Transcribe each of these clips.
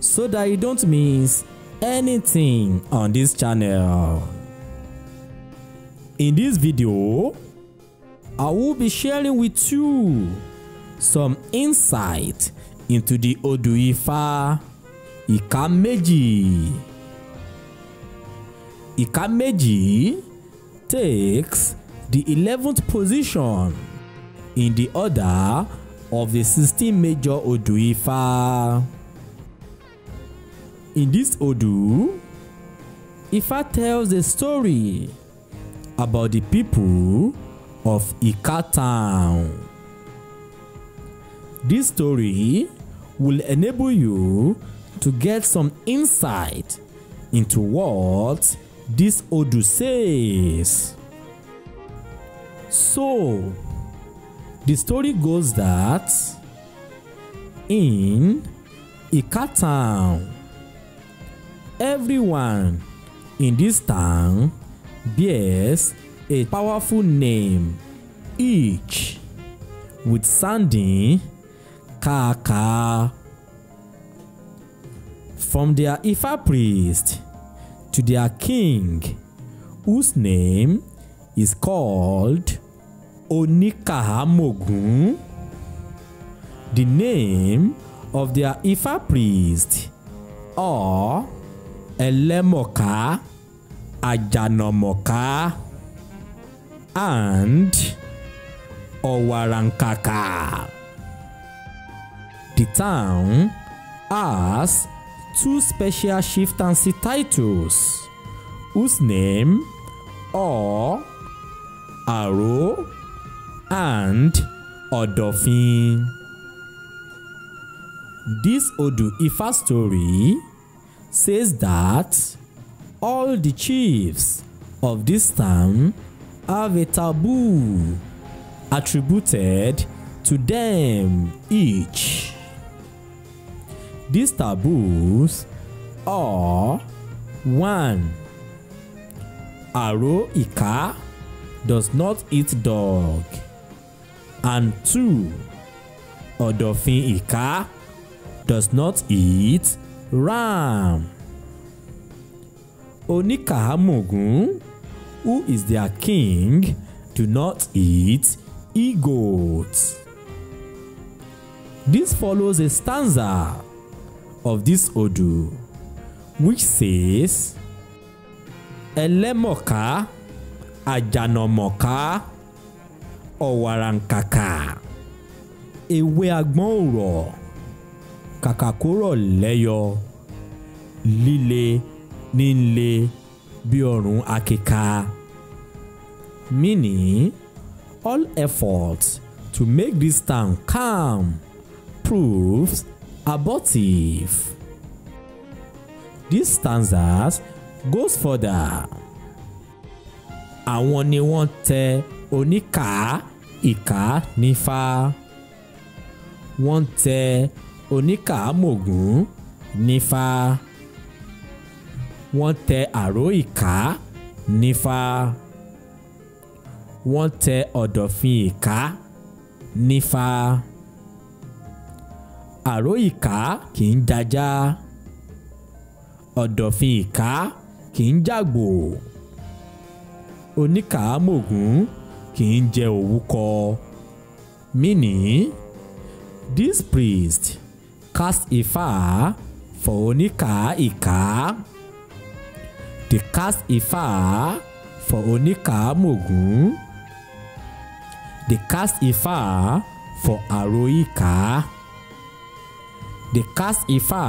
so that you don't miss anything on this channel. In this video, I will be sharing with you some insight into the Odù Ikameji. Ikameji takes the 11th position in the order of the 16 major Odù In this Odu, Ifa tells a story about the people of Ika town. This story will enable you to get some insight into what this Odu says. So, the story goes that in Ika town, Everyone in this town bears a powerful name, each with sounding Kaka. From their Ifa priest to their king, whose name is called Onikahamogun. The name of their Ifa priest or ẹlẹ́mọ̀ká àjànàmọ̀ká and ọ̀wàràǹkàkà. The town has two special shiftancy titles whose name are Aro and Odofin. This Odu Ifa story says that all the chiefs of this town have a taboo attributed to them each. These taboos are one, Aro Ika does not eat dog. And two, Odofin Ika does not eat ram oníkàámùgún who is their king do not eat egots. This follows a stanza of this Odu which says ẹlẹ́mọ̀ká àjànàmọ̀ká ọ̀wàràǹkàkà ewé agbọ́n òrọ̀ kàkà kó rọ̀ lẹ́yọ líle ní ń le bí ọrùn akíka. Meaning, all efforts to make this town calm proves abortive. This stanzas goes further. Àwọn ni wọ́n tẹ oníkà ìkà nífà. Wọ́n tẹ oníkàámọ̀gùn nífa, wọ́n tẹ àró ìka nífà wọ́n tẹ ọ̀dọ̀fin ìka nífa. àró ìka kì í jajá ọ̀dọ̀fin ìka kì í jàgbò oníkàámọ̀gùn kì í jẹ òwúkọ meaning this priest cast Ifa for Onika Ika. The cast Ifa for Onika Mogun. The cast Ifa for Aroika. The cast Ifa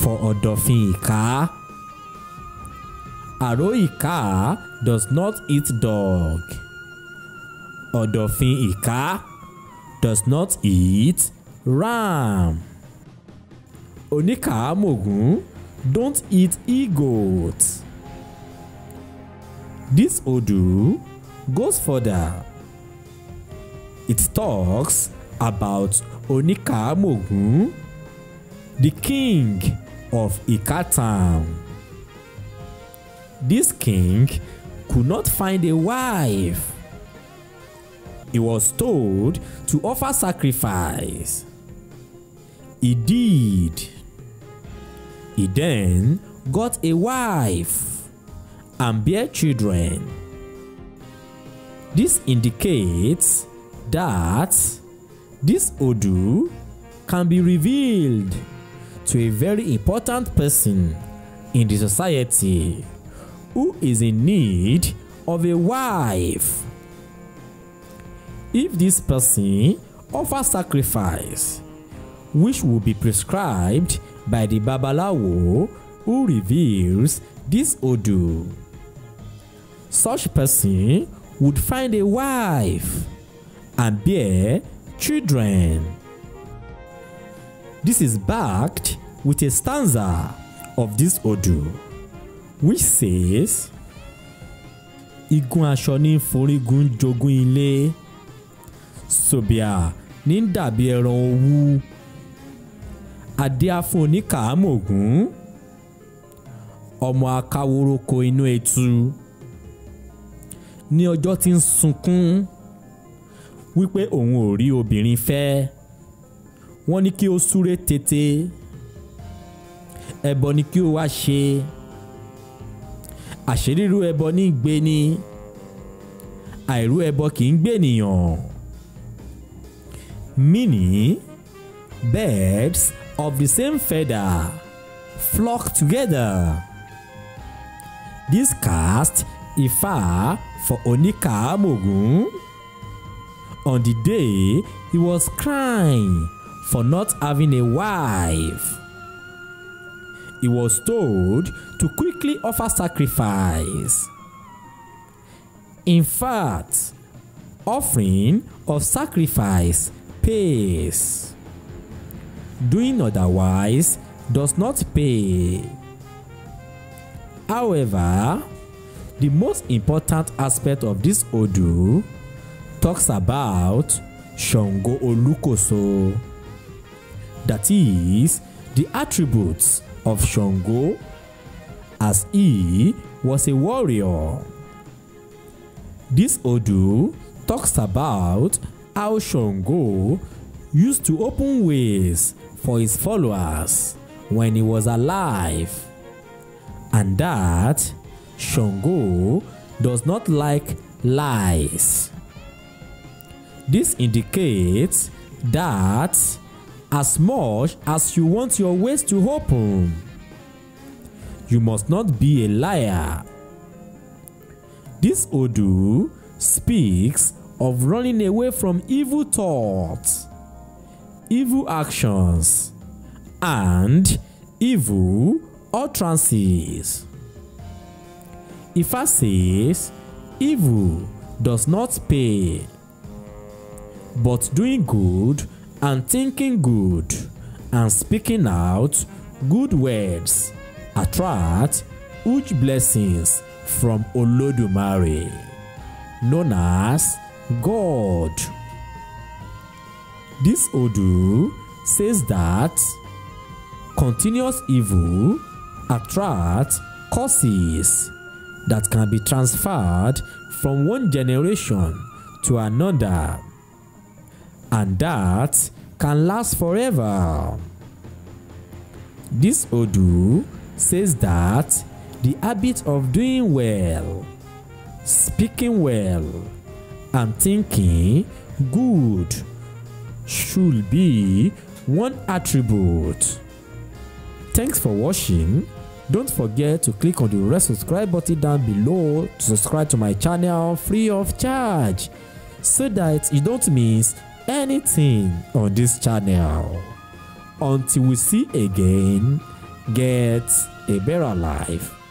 for Odofin Aroika does not eat dog. Odofin does not eat ram. Oníkàámọ̀gùn don't eat e-goat. This Odu goes further. It talks about Oníkàámọ̀gùn, the king of Ikatan. This king could not find a wife. He was told to offer sacrifice. He did. He then got a wife and bear children. This indicates that this Odu can be revealed to a very important person in the society who is in need of a wife. If this person offers sacrifice, which will be prescribed by the Babalawo who reveals this Odu. Such person would find a wife and bear children. This is backed with a stanza of this Odu which says igun aṣọ ní forígun jogún ilé sòbíà ní dàbí ẹran owú adéáfún oníkàámọ̀gùn ọmọ akáworoko inú etu ní ọjọ́ tí ń sunkún wípé òun ò rí obìnrin fẹ́ wọ́n ní kí ó súré tètè ẹbọ ni kí ó wá ṣe àṣírírú ẹbọ ní gbé ni àìrú ẹbọ kì í gbé ènìyàn meaning birds of the same feather flock together. This cast Ifa for Onika Amogun on the day he was crying for not having a wife. He was told to quickly offer sacrifice. In fact, offering of sacrifice pays doing otherwise does not pay. However, the most important aspect of this Odu talks about Shango Olukoso, that is, the attributes of Shango as he was a warrior. This Odu talks about how Shango used to open ways for his followers when he was alive, and that Shango does not like lies. This indicates that as much as you want your ways to open, you must not be a liar. This Odu speaks of running away from evil thoughts evil actions and evil utterances. If I says evil does not pay, but doing good and thinking good and speaking out good words attract huge blessings from Olodumare, known as God. This Odu says that continuous evil attracts causes that can be transferred from one generation to another and that can last forever. This Odu says that the habit of doing well, speaking well, and thinking good should be one attribute. Thanks for watching. Don't forget to click on the red subscribe button down below to subscribe to my channel free of charge so that you don't miss anything on this channel. Until we see again, get a better life.